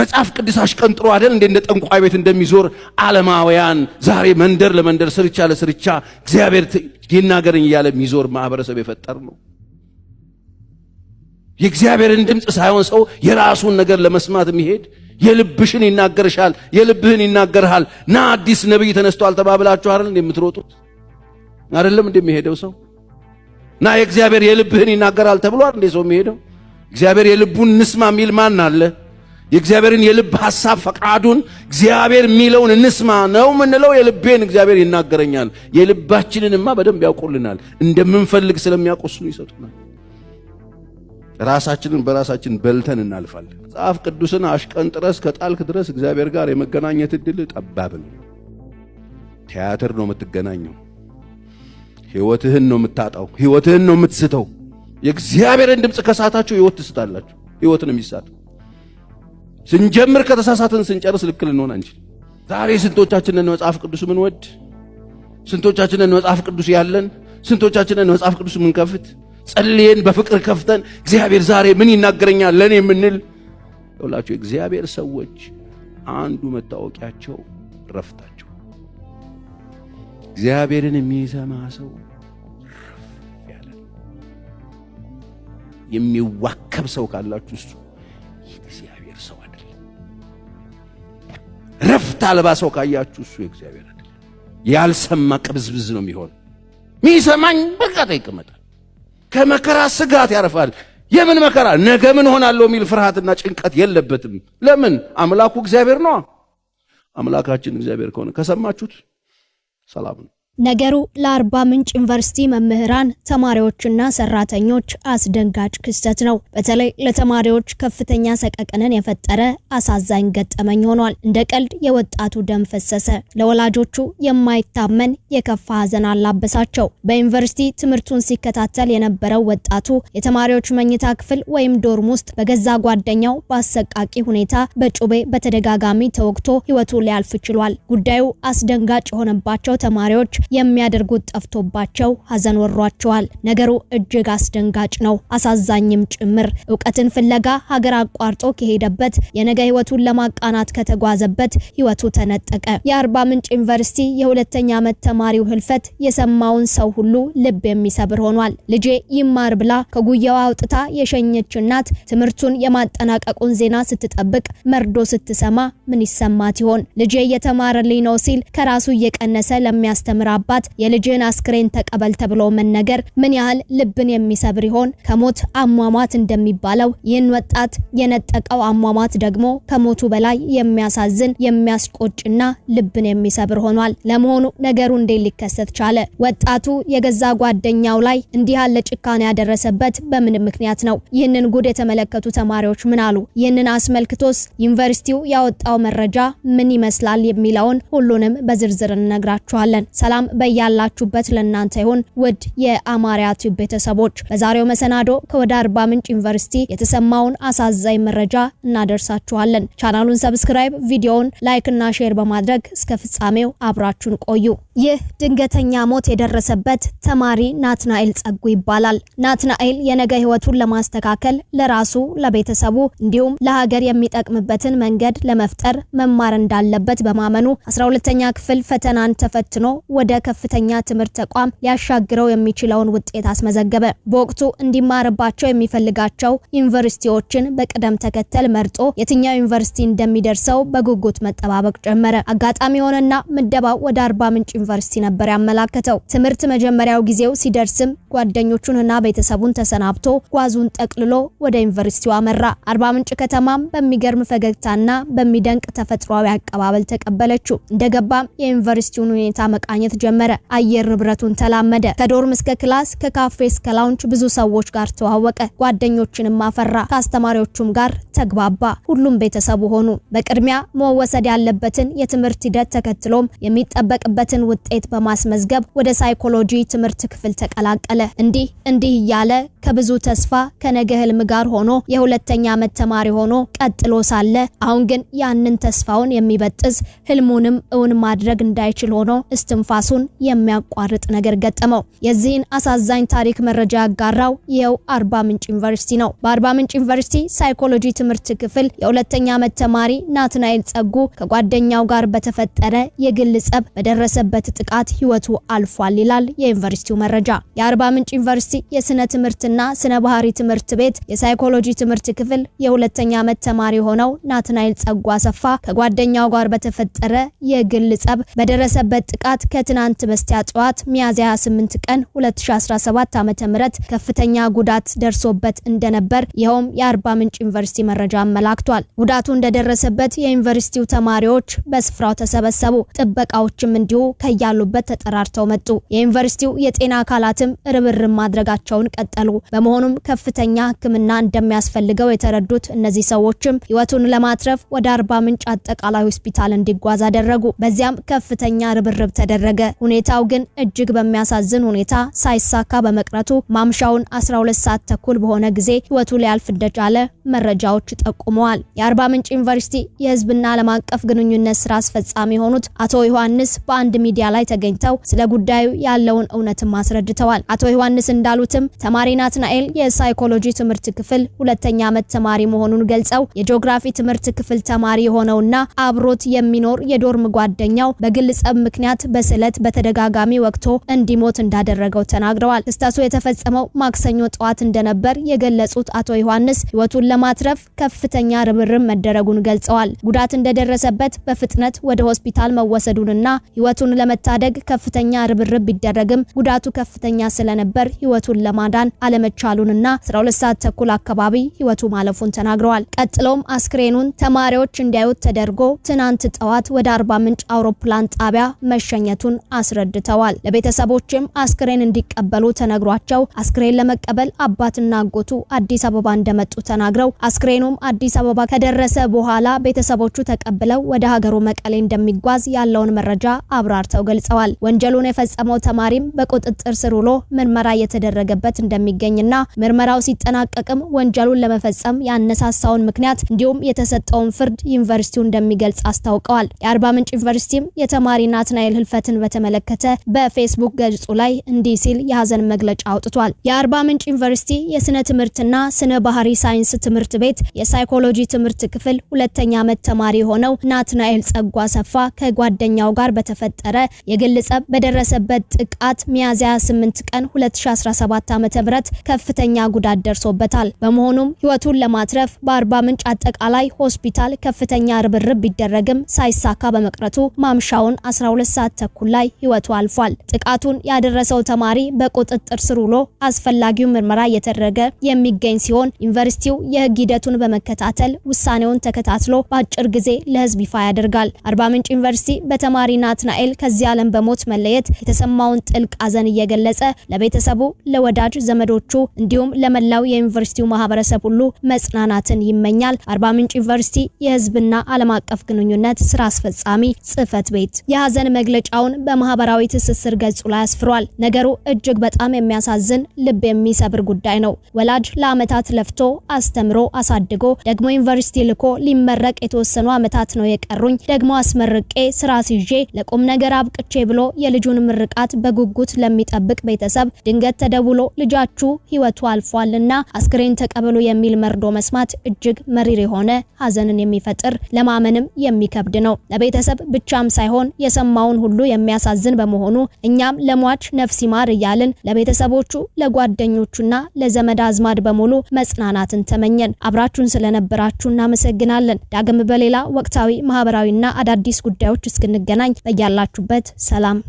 መጽሐፍ ቅዱስ አሽቀንጥሮ አይደል እንዴ እንደ ጠንቋይ ቤት እንደሚዞር ዓለማውያን ዛሬ መንደር ለመንደር ስርቻ ለስርቻ እግዚአብሔር ይናገረኝ እያለ የሚዞር ማህበረሰብ የፈጠር ነው። የእግዚአብሔርን ድምፅ ሳይሆን ሰው የራሱን ነገር ለመስማት የሚሄድ የልብሽን ይናገርሻል፣ የልብህን ይናገርሃል። ና አዲስ ነቢይ ተነስቷል ተባብላችሁ አይደል እንደምትሮጡት አይደለም የሚሄደው ሰው ና የእግዚአብሔር የልብህን ይናገራል ተብሏል እንዴ ሰው የሚሄደው እግዚአብሔር የልቡን ንስማ የሚል ማን አለ? የእግዚአብሔርን የልብ ሐሳብ ፈቃዱን እግዚአብሔር የሚለውን እንስማ ነው ምንለው። የልቤን እግዚአብሔር ይናገረኛል። የልባችንንማ በደንብ ያውቁልናል። እንደምንፈልግ ስለሚያቆሱን ይሰጡናል። ራሳችንን በራሳችን በልተን እናልፋለን። መጽሐፍ ቅዱስን አሽቀንጥረስ ከጣልክ ድረስ እግዚአብሔር ጋር የመገናኘት እድል ጠባብ ነው። ቲያትር ነው የምትገናኘው። ሕይወትህን ነው የምታጣው። ሕይወትህን ነው የምትስተው። የእግዚአብሔርን ድምፅ ከሳታችሁ ሕይወት ትስታላችሁ። ሕይወት ነው ስንጀምር ከተሳሳትን ስንጨርስ ልክ ልንሆን አንችል። ዛሬ ስንቶቻችንን መጽሐፍ ቅዱስ ምንወድ? ስንቶቻችንን መጽሐፍ ቅዱስ ያለን? ስንቶቻችንን መጽሐፍ ቅዱስ ምንከፍት? ጸልየን በፍቅር ከፍተን እግዚአብሔር ዛሬ ምን ይናገረኛል ለእኔ የምንል ሁላቸው እግዚአብሔር ሰዎች አንዱ መታወቂያቸው ረፍታቸው እግዚአብሔርን የሚሰማ ሰው ያለ የሚዋከብ ሰው ካላችሁ እሱ ሁለት አልባ ሰው ካያችሁ እሱ የእግዚአብሔር አይደለም። ያልሰማ ቅብዝብዝ ነው የሚሆን። ሚሰማኝ በቃ ይቀመጣል። ከመከራ ስጋት ያርፋል። የምን መከራ ነገ ምን ሆናለሁ የሚል ፍርሃትና ጭንቀት የለበትም። ለምን? አምላኩ እግዚአብሔር ነው። አምላካችን እግዚአብሔር ከሆነ ከሰማችሁት ሰላም ነው። ነገሩ ለአርባ ምንጭ ዩኒቨርሲቲ መምህራን፣ ተማሪዎችና ሰራተኞች አስደንጋጭ ክስተት ነው። በተለይ ለተማሪዎች ከፍተኛ ሰቀቀንን የፈጠረ አሳዛኝ ገጠመኝ ሆኗል። እንደ ቀልድ የወጣቱ ደም ፈሰሰ። ለወላጆቹ የማይታመን የከፋ ሐዘን አላበሳቸው። በዩኒቨርሲቲ ትምህርቱን ሲከታተል የነበረው ወጣቱ የተማሪዎች መኝታ ክፍል ወይም ዶርም ውስጥ በገዛ ጓደኛው በአሰቃቂ ሁኔታ በጩቤ በተደጋጋሚ ተወግቶ ሕይወቱ ሊያልፍ ችሏል። ጉዳዩ አስደንጋጭ የሆነባቸው ተማሪዎች የሚያደርጉት ጠፍቶባቸው ሀዘን ወሯቸዋል። ነገሩ እጅግ አስደንጋጭ ነው፣ አሳዛኝም ጭምር። እውቀትን ፍለጋ ሀገር አቋርጦ ከሄደበት የነገ ህይወቱን ለማቃናት ከተጓዘበት ህይወቱ ተነጠቀ። የአርባ ምንጭ ዩኒቨርሲቲ የሁለተኛ ዓመት ተማሪው ህልፈት የሰማውን ሰው ሁሉ ልብ የሚሰብር ሆኗል። ልጄ ይማር ብላ ከጉያዋ አውጥታ የሸኘች እናት ትምህርቱን የማጠናቀቁን ዜና ስትጠብቅ መርዶ ስትሰማ ምን ይሰማት ይሆን? ልጄ እየተማረልኝ ነው ሲል ከራሱ እየቀነሰ ለሚያስተምር አባት የልጅህን አስክሬን ተቀበል ተብሎ መነገር ምን ያህል ልብን የሚሰብር ይሆን? ከሞት አሟሟት እንደሚባለው ይህን ወጣት የነጠቀው አሟሟት ደግሞ ከሞቱ በላይ የሚያሳዝን የሚያስቆጭና ልብን የሚሰብር ሆኗል። ለመሆኑ ነገሩ እንዴት ሊከሰት ቻለ? ወጣቱ የገዛ ጓደኛው ላይ እንዲህ ያለ ጭካኔ ያደረሰበት በምን ምክንያት ነው? ይህንን ጉድ የተመለከቱ ተማሪዎች ምን አሉ? ይህንን አስመልክቶስ ዩኒቨርሲቲው ያወጣው መረጃ ምን ይመስላል የሚለውን ሁሉንም በዝርዝር እንነግራችኋለን። ሰላም ሰላም በያላችሁበት ለእናንተ ይሁን ውድ የአማርያ ቲዩብ ቤተሰቦች፣ በዛሬው መሰናዶ ከወደ አርባ ምንጭ ዩኒቨርሲቲ የተሰማውን አሳዛኝ መረጃ እናደርሳችኋለን። ቻናሉን ሰብስክራይብ፣ ቪዲዮውን ላይክ እና ሼር በማድረግ እስከ ፍጻሜው አብራችሁን ቆዩ። ይህ ድንገተኛ ሞት የደረሰበት ተማሪ ናትናኤል ጸጉ ይባላል። ናትናኤል የነገ ህይወቱን ለማስተካከል ለራሱ ለቤተሰቡ እንዲሁም ለሀገር የሚጠቅምበትን መንገድ ለመፍጠር መማር እንዳለበት በማመኑ 12ኛ ክፍል ፈተናን ተፈትኖ ወደ ወደ ከፍተኛ ትምህርት ተቋም ሊያሻግረው የሚችለውን ውጤት አስመዘገበ። በወቅቱ እንዲማርባቸው የሚፈልጋቸው ዩኒቨርሲቲዎችን በቅደም ተከተል መርጦ የትኛው ዩኒቨርሲቲ እንደሚደርሰው በጉጉት መጠባበቅ ጀመረ። አጋጣሚ የሆነና ምደባው ወደ አርባ ምንጭ ዩኒቨርሲቲ ነበር ያመላከተው። ትምህርት መጀመሪያው ጊዜው ሲደርስም ጓደኞቹንና ቤተሰቡን ተሰናብቶ ጓዙን ጠቅልሎ ወደ ዩኒቨርሲቲው አመራ። አርባ ምንጭ ከተማም በሚገርም ፈገግታና በሚደንቅ ተፈጥሯዊ አቀባበል ተቀበለችው። እንደገባም የዩኒቨርሲቲውን ሁኔታ መቃኘት ጀመረ። አየር ንብረቱን ተላመደ። ከዶርም እስከ ክላስ፣ ከካፌ እስከ ላውንች ብዙ ሰዎች ጋር ተዋወቀ። ጓደኞችንም አፈራ። ከአስተማሪዎቹም ጋር ተግባባ። ሁሉም ቤተሰቡ ሆኑ። በቅድሚያ መወሰድ ያለበትን የትምህርት ሂደት ተከትሎም የሚጠበቅበትን ውጤት በማስመዝገብ ወደ ሳይኮሎጂ ትምህርት ክፍል ተቀላቀለ። እንዲህ እንዲህ እያለ ከብዙ ተስፋ ከነገ ህልም ጋር ሆኖ የሁለተኛ ዓመት ተማሪ ሆኖ ቀጥሎ ሳለ አሁን ግን ያንን ተስፋውን የሚበጥስ ህልሙንም እውን ማድረግ እንዳይችል ሆኖ እስትንፋሱን የሚያቋርጥ ነገር ገጠመው። የዚህን አሳዛኝ ታሪክ መረጃ ያጋራው ይኸው አርባ ምንጭ ዩኒቨርሲቲ ነው። በአርባ ምንጭ ዩኒቨርሲቲ ሳይኮሎጂ ትምህርት ክፍል የሁለተኛ ዓመት ተማሪ ናትናኤል ጸጉ ከጓደኛው ጋር በተፈጠረ የግል ጸብ በደረሰበት ጥቃት ህይወቱ አልፏል ይላል የዩኒቨርሲቲው መረጃ። የአርባ ምንጭ ዩኒቨርሲቲ የስነ ትምህርትና ና ስነ ባህሪ ትምህርት ቤት የሳይኮሎጂ ትምህርት ክፍል የሁለተኛ ዓመት ተማሪ ሆነው ናትናኤል ጸጉ አሰፋ ከጓደኛው ጋር በተፈጠረ የግል ጸብ በደረሰበት ጥቃት ከትናንት በስቲያ ጠዋት ሚያዝያ 28 ቀን 2017 ዓ.ም ከፍተኛ ጉዳት ደርሶበት እንደነበር ይኸውም የአርባ ምንጭ ዩኒቨርሲቲ መረጃ አመላክቷል። ጉዳቱ እንደደረሰበት የዩኒቨርሲቲው ተማሪዎች በስፍራው ተሰበሰቡ። ጥበቃዎችም እንዲሁ ከያሉበት ተጠራርተው መጡ። የዩኒቨርሲቲው የጤና አካላትም ርብርብ ማድረጋቸውን ቀጠሉ። በመሆኑም ከፍተኛ ሕክምና እንደሚያስፈልገው የተረዱት እነዚህ ሰዎችም ህይወቱን ለማትረፍ ወደ አርባ ምንጭ አጠቃላይ ሆስፒታል እንዲጓዝ አደረጉ። በዚያም ከፍተኛ ርብርብ ተደረገ። ሁኔታው ግን እጅግ በሚያሳዝን ሁኔታ ሳይሳካ በመቅረቱ ማምሻውን 12 ሰዓት ተኩል በሆነ ጊዜ ህይወቱ ሊያልፍ እንደቻለ መረጃዎች ጠቁመዋል። የአርባ ምንጭ ዩኒቨርሲቲ የህዝብና ዓለም አቀፍ ግንኙነት ስራ አስፈጻሚ የሆኑት አቶ ዮሐንስ በአንድ ሚዲያ ላይ ተገኝተው ስለ ጉዳዩ ያለውን እውነትም አስረድተዋል። አቶ ዮሐንስ እንዳሉትም ተማሪና ናትናኤል የሳይኮሎጂ ትምህርት ክፍል ሁለተኛ ዓመት ተማሪ መሆኑን ገልጸው የጂኦግራፊ ትምህርት ክፍል ተማሪ የሆነውና አብሮት የሚኖር የዶርም ጓደኛው በግል ጸብ ምክንያት በስለት በተደጋጋሚ ወቅቶ እንዲሞት እንዳደረገው ተናግረዋል። ክስተቱ የተፈጸመው ማክሰኞ ጠዋት እንደነበር የገለጹት አቶ ዮሐንስ ሕይወቱን ለማትረፍ ከፍተኛ ርብርብ መደረጉን ገልጸዋል። ጉዳት እንደደረሰበት በፍጥነት ወደ ሆስፒታል መወሰዱንና ሕይወቱን ለመታደግ ከፍተኛ ርብርብ ቢደረግም ጉዳቱ ከፍተኛ ስለነበር ሕይወቱን ለማዳን አለ አለመቻሉንና 12 ሰዓት ተኩል አካባቢ ህይወቱ ማለፉን ተናግረዋል። ቀጥሎም አስክሬኑን ተማሪዎች እንዲያዩት ተደርጎ ትናንት ጠዋት ወደ አርባ ምንጭ አውሮፕላን ጣቢያ መሸኘቱን አስረድተዋል። ለቤተሰቦችም አስክሬን እንዲቀበሉ ተነግሯቸው አስክሬን ለመቀበል አባትና አጎቱ አዲስ አበባ እንደመጡ ተናግረው አስክሬኑም አዲስ አበባ ከደረሰ በኋላ ቤተሰቦቹ ተቀብለው ወደ ሀገሩ መቀሌ እንደሚጓዝ ያለውን መረጃ አብራርተው ገልጸዋል። ወንጀሉን የፈጸመው ተማሪም በቁጥጥር ስር ውሎ ምርመራ እየተደረገበት እንደሚገኝ እንደሚገኝና ምርመራው ሲጠናቀቅም ወንጀሉን ለመፈጸም ያነሳሳውን ምክንያት እንዲሁም የተሰጠውን ፍርድ ዩኒቨርሲቲው እንደሚገልጽ አስታውቀዋል። የአርባ ምንጭ ዩኒቨርሲቲም የተማሪ ናትናኤል ህልፈትን በተመለከተ በፌስቡክ ገጹ ላይ እንዲህ ሲል የሀዘን መግለጫ አውጥቷል። የአርባ ምንጭ ዩኒቨርሲቲ የስነ ትምህርትና ስነ ባህሪ ሳይንስ ትምህርት ቤት የሳይኮሎጂ ትምህርት ክፍል ሁለተኛ ዓመት ተማሪ የሆነው ናትናኤል ጸጓ ሰፋ ከጓደኛው ጋር በተፈጠረ የግል ጸብ በደረሰበት ጥቃት ሚያዝያ 8 ቀን 2017 ዓ.ም ከፍተኛ ጉዳት ደርሶበታል። በመሆኑም ህይወቱን ለማትረፍ በአርባ ምንጭ አጠቃላይ ሆስፒታል ከፍተኛ ርብርብ ቢደረግም ሳይሳካ በመቅረቱ ማምሻውን 12 ሰዓት ተኩል ላይ ህይወቱ አልፏል። ጥቃቱን ያደረሰው ተማሪ በቁጥጥር ስር ውሎ አስፈላጊው ምርመራ እየተደረገ የሚገኝ ሲሆን ዩኒቨርሲቲው የህግ ሂደቱን በመከታተል ውሳኔውን ተከታትሎ በአጭር ጊዜ ለህዝብ ይፋ ያደርጋል። አርባ ምንጭ ዩኒቨርሲቲ በተማሪ ናትናኤል ከዚህ ዓለም በሞት መለየት የተሰማውን ጥልቅ ሐዘን እየገለጸ ለቤተሰቡ፣ ለወዳጅ ዘመዶች ለተማሪዎቹ እንዲሁም ለመላው የዩኒቨርሲቲው ማህበረሰብ ሁሉ መጽናናትን ይመኛል። አርባ ምንጭ ዩኒቨርሲቲ የህዝብና ዓለም አቀፍ ግንኙነት ስራ አስፈጻሚ ጽህፈት ቤት የሀዘን መግለጫውን በማህበራዊ ትስስር ገጹ ላይ አስፍሯል። ነገሩ እጅግ በጣም የሚያሳዝን ልብ የሚሰብር ጉዳይ ነው። ወላጅ ለአመታት ለፍቶ አስተምሮ አሳድጎ ደግሞ ዩኒቨርሲቲ ልኮ ሊመረቅ የተወሰኑ አመታት ነው የቀሩኝ ደግሞ አስመርቄ ስራ ሲዤ ለቁም ነገር አብቅቼ ብሎ የልጁን ምርቃት በጉጉት ለሚጠብቅ ቤተሰብ ድንገት ተደውሎ ልጃችሁ ህይወቱ አልፏልና አስክሬን ተቀበሉ የሚል መርዶ መስማት እጅግ መሪር የሆነ ሀዘንን የሚፈጥር ለማመንም የሚከብድ ነው። ለቤተሰብ ብቻም ሳይሆን የሰማውን ሁሉ የሚያሳዝን በመሆኑ እኛም ለሟች ነፍስ ይማር እያልን ለቤተሰቦቹ ለጓደኞቹና ለዘመድ አዝማድ በሙሉ መጽናናትን ተመኘን። አብራችሁን ስለነበራችሁ እናመሰግናለን። ዳግም በሌላ ወቅታዊ ማህበራዊና አዳዲስ ጉዳዮች እስክንገናኝ በያላችሁበት ሰላም